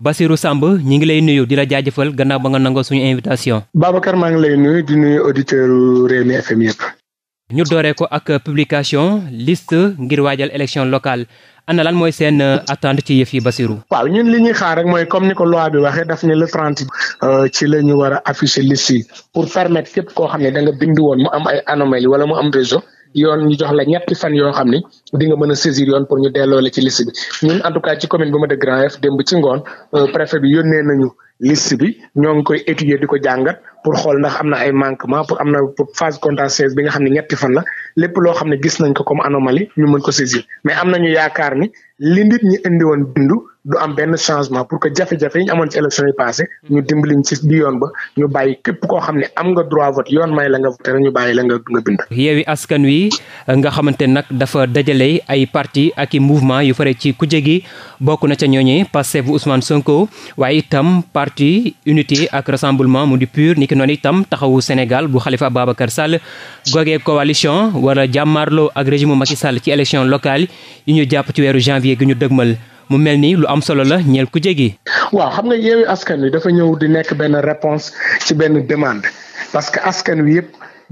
Bassirou Samb ñi ngi lay nuyu di la jaajëfal gannaaw ba nga nangoo suñu invitation. Babacar maa ngi lay nuyu di nuyu auditeurs Rewmi FM yëpp. ñu dooree ko ak publication liste ngir waajal élection locale ana lan mooy seen euh, attente ci yëf yi Bassirou. waaw ñun li ñuy xaar rek mooy comme ni ko loi bi waxee daf ne le trente euh, ci la ñu war a afficher liste yi pour permettre képp koo xam ne da nga bind woon mu am ay anomalie wala mu am réseau. yoon ñu jox la ñetti fan yoo xam ni di nga mën a saisir yoon pour ñu delloo la ci liste bi ñun en tout cas ci commune bu ma de Grand Yoff démb ci ngoon euh, préfet bi yónnee nañu liste bi ñoo ngi koy étudier di ko jàngat pour xool ndax am na ay manquement pour am na pour phase contentieuse bi nga xam ne ñetti fan la lép loo xam ne gis nañ ko comme anomalie ñu mën ko saisir mais am nañu yaakaar ni li nit ñi indi woon bindu du am benn changement pour que jafe-jafe yi ñu amoon ci élection yi passé ñu mm-hmm. dimbaliñ ci bi yoon ba ñu bàyyi képp koo xam ne am nga droit vote yoon may la nga voté ñu la nga nga bind. Yewwi Askan Wi nga xamante nag dafa dajale ay parti ak i mouvement yu fare ci kujje gi bokk na ca ñooñee Pastef bu Ousmane Sonko waaye itam parti unité ak rassemblement mu di PUR niki noonu itam taxawu Sénégal bu Khalifa Babacar Sall googee coalition wala jàmmaarloo ak régime Macky Sall ci élection locale yi ñu jàpp ci weeru janvier gi ñu dëgmal. mu mel nii lu am solo la ñeel ku jege. waaw xam nga yeewi askan wi dafa ñëw di nekk benn réponse ci benn demande parce que askan wi yëpp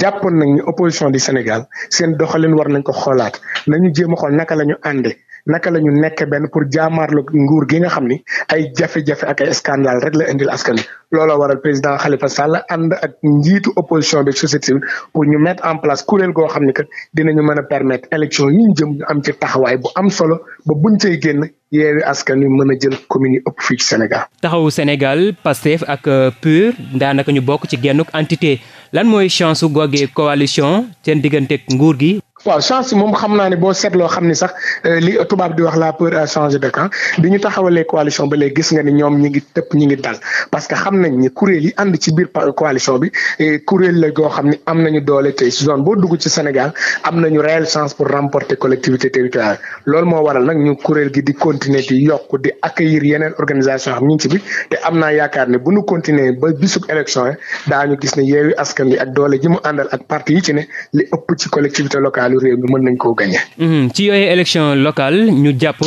jàppoon nañ ñu opposition du Sénégal seen doxalin war nañ ko xoolaat nañu jéem a naka la ñu àndee naka la ñu nekk benn pour jaamaarlu nguur gi nga xam ni ay jafe-jafe ak ay scandale rek la indil askan wi looloo waral président Khalifa Sall ànd ak njiitu opposition bi société pour ñu mettre en place kuréel goo xam ni que dinañu mën a permettre élection yi jëm ñu am ci taxawaay bu am solo ba buñ cay génn yeewi askan wi mën a jël commune yi ëpp fii ci Sénégal. taxawu Sénégal Pastef ak euh, PUR daanaka ñu bokk ci gennuk entité lan mooy chance su googee coalition seen digganteeg nguur gi. waaw chance moom xam naa ne boo seetloo xam ni sax euh, li tubaab di wax la peur a de camp ñu taxawalee coalition ba léegi gis nga ni ñoom ñi ngi tëpp ñi ngi dal parce que xam nañ ni kuréel yi ànd ci biir coalition bi euh, kuréel la goo xam ni am nañu doole tey zone boo dugg ci Sénégal am nañu réelle chance pour remporter collectivité territoriale lool moo waral nag ñu kuréel gi di continuer yokk di accueillir yeneen organisation xam ñu ngi ci bi te am naa yaakaar ne bu nu continuer ba bisub élection yi daañu gis ne yeewi askan bi ak doole ji mu àndal ak parti yi ci ne li ëpp ci collectivité locale alalu réew mi mën nañ koo gagné. Mhm. ci yooyu élection locale ñu jàpp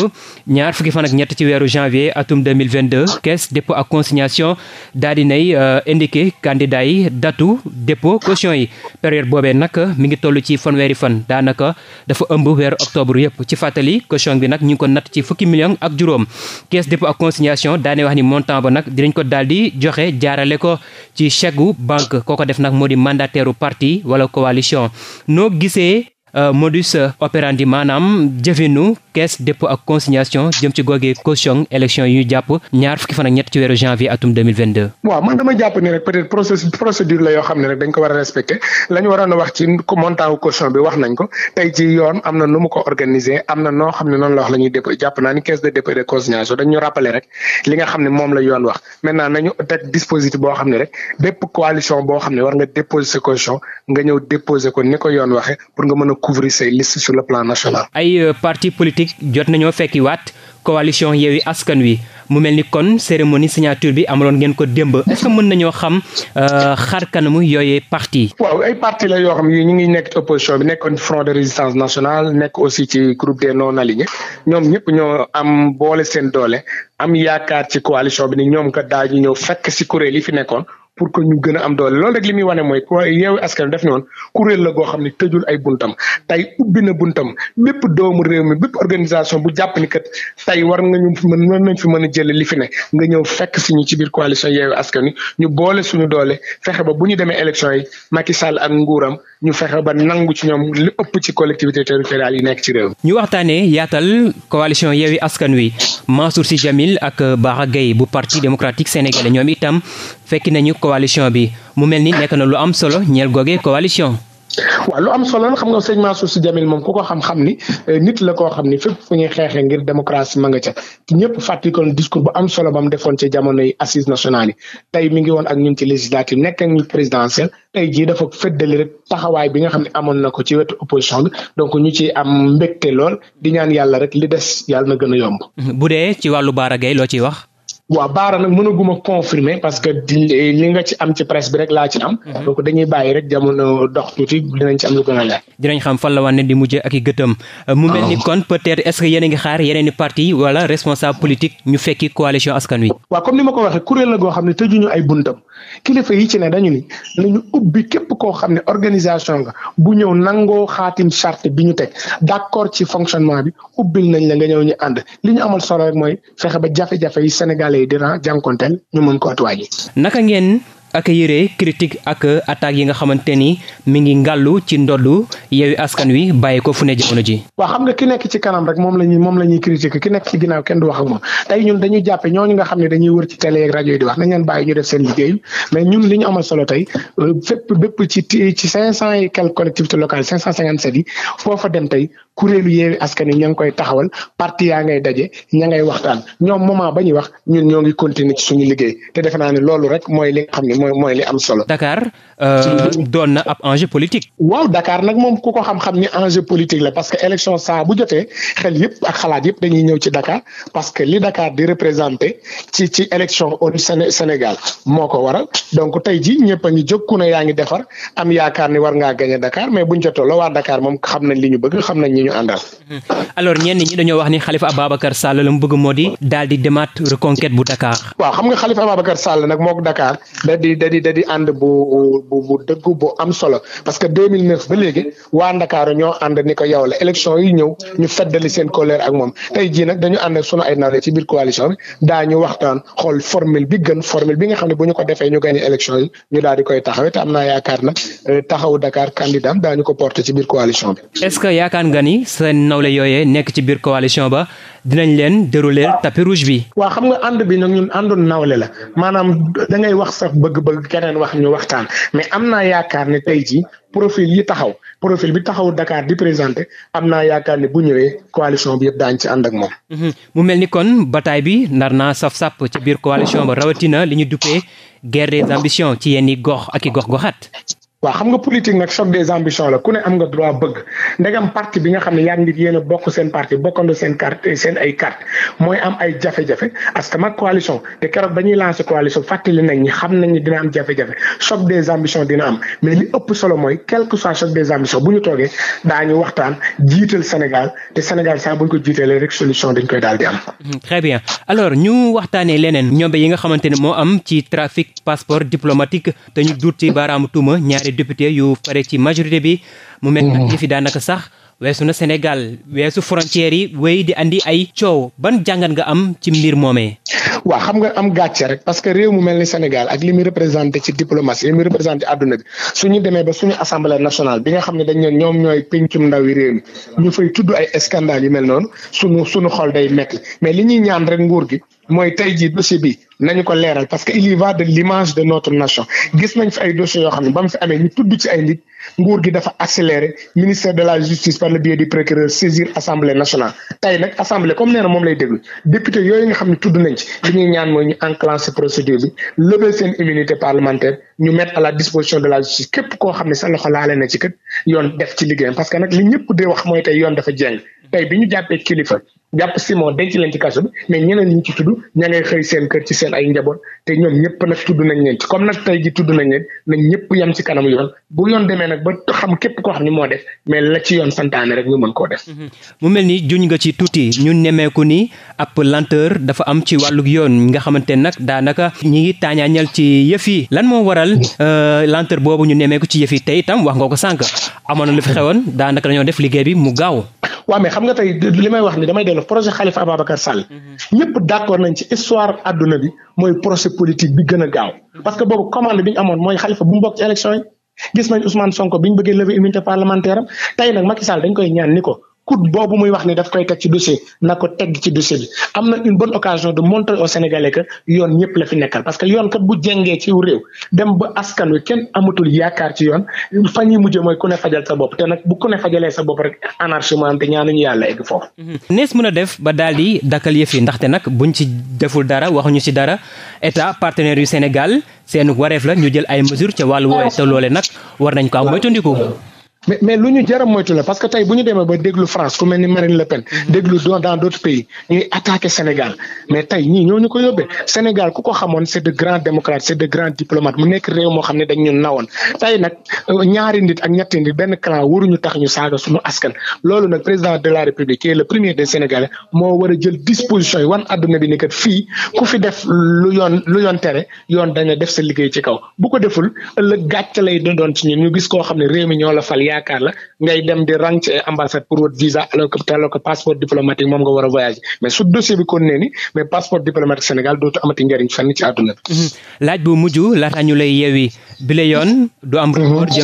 ñaar fukki fan ak ñett ci weeru janvier atum 2022 caisse dépôt ak consignation daal di nay euh, indiqué candidat yi datu dépôt caution yi période boobee nag mi ngi toll ci fanweeri fan daanaka dafa ëmb weeru octobre yëpp ci fàttali question bi nag ñu ngi ko natt ci fukki million ak juróom caisse dépôt ak consignation daanay wax ni montant ba nag dinañ ko daal di joxe jaarale ko ci chèque banque koo ko def nag moo di mandataire parti wala coalition noo Euh, modus operandi maanaam jëfinu caisse dépôt ak consignation jëm ci googee caution élection yi jàpp ñaar fukki fan ñett ci weeru janvier atum 2022 man dama jàpp ni rek peut-être process procédure la yoo xam ne rek dañ ko war a respecté waroon a wax ci montant caution bi wax nañ ko tey ci yoon am na nu mu ko organiser am na noo xam ne noonu la wax la ñuy dépôt jàpp naa ni caisse de dépôt et de consignation dañ ñu rek li nga xam ne moom la yoon wax maintenant nañu war nga yoon a recouvrer say listes sur le plan national. ay euh, parti politique jot nañoo fekki waat coalition Yewwi Askan Wi mu mel ni kon cérémonie signature bi amaloon ngeen ko démb est-ce que mën nañoo xam euh, xar kanamu yooyee parti waaw ay parti la yoo xam yi ñu ngi nekk ci opposition bi nekkoon front de résistance nationale nekk aussi ci groupe des non alignés ñoom ñëpp ñoo am boole seen doole am yaakaar ci coalition bi ni ñoom kat daañu ñëw fekk si kuréel yi fi nekkoon. pour que ñu gën a am doole loolu rek li muy wane ne woon kuréel la goo xam ne tëjul ay buntam tey ubbi na bépp doomu réew bu jàpp ni kat war nga ñu mën mën nañ fi mën a jële li fi ne nga ñëw fekk si ci biir coalition yeewu askan wi ñu boole suñu doole fexe ba bu ñu demee élection yi Macky Sall ak nguuram ñu fexe ba nangu ci ñoom li ëpp ci collectivité territoriale yi nekk ci réew ñu waxtaanee yaatal coalition yeewi askan wi Mansour Sy Djamil ak Bara Gaye bu parti démocratique sénégalais ñoom itam fekk nañu ko coalition bi mu mel ni nekk na lu am solo ñeel googee coalition. waaw lu am solo la xam nga sëñ Mansour Sy moom ku ko xam-xam ni eh, nit la koo xam ni fépp fu ñuy xeexee ngir démocratie ma nga ca ñëpp fàttali ko discours bu am solo ba mu defoon ci jamono yi assises nationales yi tey mi ngi woon ak ñun ci législative nekk ak ñun présidentielle tey jii dafa fëddali rek taxawaay bi nga xam ne amoon na ko ci wetu opposition bi donc ñu ci am mbégte lool di ñaan yàlla rek li des yàlla na gën a yomb. waaw baara nag mënaguma confirmer parce que li nga ci am ci presse bi rek laa ci am. Mhm. donc dañuy bàyyi rek jamono dox tuuti dinañ ci am lu gën a leer. dinañ xam fan la wane di mujj ak i gëtëm. Ah. mu mel ni kon peut-être est-ce ngi xaar yeneen i parti wala responsable politique ñu fekki coalition askan wi. waaw comme ni ma ko waxee kuréel la goo xam ne tëjuñu ay buntam kilifa yi ci ne dañu ni nañu ubbi képp koo xam ne organisation nga bu ñëw nangoo xaatim charte bi ñu teg d'accord ci fonctionnement bi ubbil nañ la nga ñëw ñu ànd li ñu amal solo rek mooy fexe ba jafe-jafe yi sénégalais yi di jànkonteel ñu mën ko atuwaay naka ngeen accueillir critique ak attaques yi nga xamante ni mi ngi ngàllu ci ndoddu Yewwi Askan Wi bàyyi ko fu ne jamono ji waaw xam nga ki nekk ci kanam rek moom la ñuy moom la ñuy critiquer ki nekk ci ginnaaw kenn du wax ak moom tey ñun dañuy jàppe ñooñu nga xam ne dañuy wër ci télé ak rajo yi di wax nañ leen bàyyi ñu def seen liggéey mais ñun li ñu amal solo tey euh, fépp bépp ci ci cinq cent et quelques collectivités locales cinq cent cinquante sept yi foofa dem tey kuréelu yeewi askan wi ña ngi koy taxawal parti yaa ngay daje ña ngay waxtaan ñoom moment ba ñuy wax ñun ñoo ngi continuer ci suñu liggéey te defe naa ne loolu rek mooy li nga xam ne mooy mooy li am solo. Dakar euh, doon na ab enjeu politique. waaw Dakar nag moom ku ko xam-xam ni enjeu politique la parce que élection saa bu jotee xel yëpp ak xalaat yëpp dañuy ñëw ci Dakar parce que li Dakar di représenté ci ci élection au Sénégal moo ko waral donc tey jii ñëpp a ngi jóg ku ne yaa ngi defar am yaakaar ni war ngaa gagné Dakar mais buñ jotoo la ñu alors ñenn ñi dañoo wax ni Khalifa Ababacar Sall la mu bëgg moo di daal di demaat reconquête bu Dakar. waaw xam nga Khalifa Ababacar Sall nag mook Dakar da di da bu bu bu am solo parce que 2009 ba léegi waa Dakar ñoo ànd ni ko yow la élection yi ñëw ñu feddali seen colère ak moom tey jii nag dañu ànd ak sunu ay nawle ci biir coalition bi ñu waxtaan xool formule bi gën formule bi nga xam ne bu ñu ko defee ñu gagné élection yi ñu daal di koy taxawee te am naa yaakaar nag euh, taxawu Dakar candidat daañu ko porter ci biir coalition bi. nawle yooyee nekk ci biir coalition ba dinañ leen dérouler tapis rouge bi. waaw xam nga ànd bi nag ñun àndoon nawle la maanaam da ngay wax sax bëgg-bëgg keneen wax ñu waxtaan mais am na yaakaar ne tey jii profil yi taxaw profil bi taxaw dakaar di présenté am na yaakaar ne bu ñëwee coalition bi yëpp daañu ci ànd ak moom. Mhm. mu mel ni kon bataay bi nar naa saf sàpp ci biir coalition ba rawatina li ñu duppee guerre des ci yenn gox ak i gox goxaat. waaw xam nga politique nag choc des ambitions la ku ne am nga droit bëgg ndegam parti bi nga xam ne yaa ngi nit bokk seen parti bokkandoo seen carte seen ay carte mooy am ay jafe-jafe parce que mag coalition te keroog ba ñuy lancé coalition fàttali na ñi xam nañ ni dina am jafe-jafe choc des ambitions dina am mais li ëpp solo mooy quel soit choc des ambitions bu ñu toogee daañu waxtaan jiital Sénégal te Sénégal saa bu ñu ko jiitalee rek solution dañ koy daal di am. Hmm, très bien alors waxtaanee leneen ñoom yi nga xamante ne moo am ci trafic passeport diplomatique te ñu duut ci baaraamu tuuma ay député yu pare ci majorité bi mu mel nag yëfi daanaka sax weesu na Sénégal weesu frontières yi wéy di andi ay coow ban jàngat nga am ci mbir moomee waa xam nga am gàcce rek parce que réew mu mel ni Sénégal ak li muy représenté ci diplomatie li muy représenté àdduna bi ñu demee ba suñu assemblée nationale bi nga xam ne dañ ne ñoom ñooy pencum ndaw yi réew mi ñu fay tudd ay scandale yu mel noonu su suñu xol day metti mais li ñuy ñaan rek nguur gi mooy nañu ko leeral parce que il y va de l'image de notre nation gis nañ fi ay dossiers yoo xam ne ba mu fi amee ñu tudd ci ay nit nguur gi dafa accéléré ministère de la justice par le biais du procureur saisir assemblée nationale tey nag assemblée comme moom lay déglu député yooyu nga xam ne tudd nañ ci li ñuy ñaan mooy ñu enclencher procédure bi lever seen immunité parlementaire ñu mettre à la disposition de la justice képp koo xam ne sa loxo laale na ci kët yoon def ci liggéeyam parce que nag li ñëpp di wax mooy tey yoon dafa jeng tey bi ñu jàppee kilifa jàpp Simon denc leen ci kaso bi mais ñeneen ñi ci tudd ña xëy seen kër ci seen ay njaboot te ñoom ñëpp nag tudd nañ leen ci comme nag tey ji tudd nañ leen nañ ñëpp yem ci kanam yoon bu yoon demee nag ba xam képp koo xam ni moo def mais la ci yoon santaane rek ñu mën koo def. Mhm. mu mel ni juñ nga ci tuuti ñu nemmeeku ni ab lenteur dafa am ci wàllu yoon nga xamante nag daanaka ñi ngi taañaañal ci yëf yi lan moo waral euh, lenteur boobu ñu nemmeeku ci yëf yi tey itam wax nga ko sànq amoon na lu fi xewoon daanaka dañoo def liggéey bi mu gaaw. waaw mais xam nga tey li may wax ni damay dellu projet Khalifa Ababacar Sall mm-hmm. ñëpp d'accord nañ ci histoire adduna bi mooy projet politique bi gën a gaaw mm-hmm. parce que boobu commande biñ amoon mooy xalifa bu mu bokk ci élection yi gis nañ Ousmane Sonko bi ñu bëggee lever immunité parlementaire tey nag Macky saal dañ koy ñaan ni ko coût boobu muy wax ne daf koy teg ci dossier na ko teg ci dossier bi am na une bonne occasion de montrer aux Sénégalais yoon ñëpp la fi nekkal parce que yoon kat bu jengee ci réew dem ba askan wi kenn amatul yaakaar ci yoon fa ñu mujj mooy ku ne fajal sa bopp te nag bu ku ne fajalee sa bopp rek anarchie mu am te ñaanuñu yàlla egg foofu. Mhm. nees mën a def ba daal di dakkal yëf yi ndaxte nag buñ ci deful dara waxuñu ci dara état partenaire yu Sénégal seen wareef la ñu jël ay mesures ca wàllu woowu te loolee war nañ ko am moytandiku. mais mais lu ñu jar a moytu la parce que tey bu ñu demee ba déglu France ku mel ni Marine Le Pen. Mhm. déglu dans dans d' pays ñuy attaqué Sénégal mais tey ñii ñoo ñu ko yóbbee Sénégal ku ko xamoon c' est de grands démocrates c' est de grands diplomates mu nekk réew moo xam ne dañ nawoon. tey nag euh, ñaari nit ak ñetti nit benn clan waruñu tax ñu saaga suñu askan loolu nag président de la République qui est le premier des Sénégalais moo war a jël disposition yi wan adduna bi ni kat fii ku fi def lu yoon lu yoon tere yoon dañu def sa liggéey ci kaw bu ko deful ëllëg koo xam ne réew mi ñoo yaakaar la ngay dem di rang ci ambassade pour wut visa alors que alors que passeport diplomatique moom nga war a voyager mais su dossier bi kon ne mais passeport diplomatique Sénégal dootu amati njëriñ fenn ci àdduna mhm. laaj bu mujj laata ñu lay yeewi bile yoon du am mhm. report di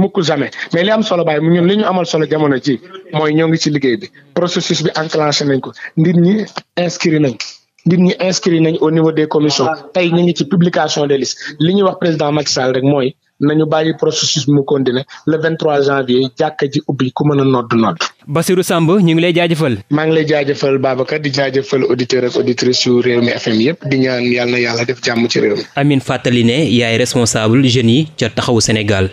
mukk jamais mais li am solo baay ñun li ñu amal solo jamono ji mooy ñoo ngi ci liggéey bi processus bi enclenché nañ ko nit ñi inscrit nit ñi inscrit nañ au niveau des commissions tey ñu ngi ci publication des listes li ñuy wax président Macky Sall rek mooy na ñu bàyyi processus mu continuer le 23 janvier jàkka ji ubbi ku mën a nodd nodd. Bassirou Samb ñu ngi lay jaajëfal. maa ngi lay jaajëfal Babacar di jaajëfal auditeur ak auditrice yu réew mi FM yëpp di ñaan yàlla na yàlla def jàmm ci réew mi. Amine fàttali ne yaay responsable jeunes yi ca taxawu Sénégal.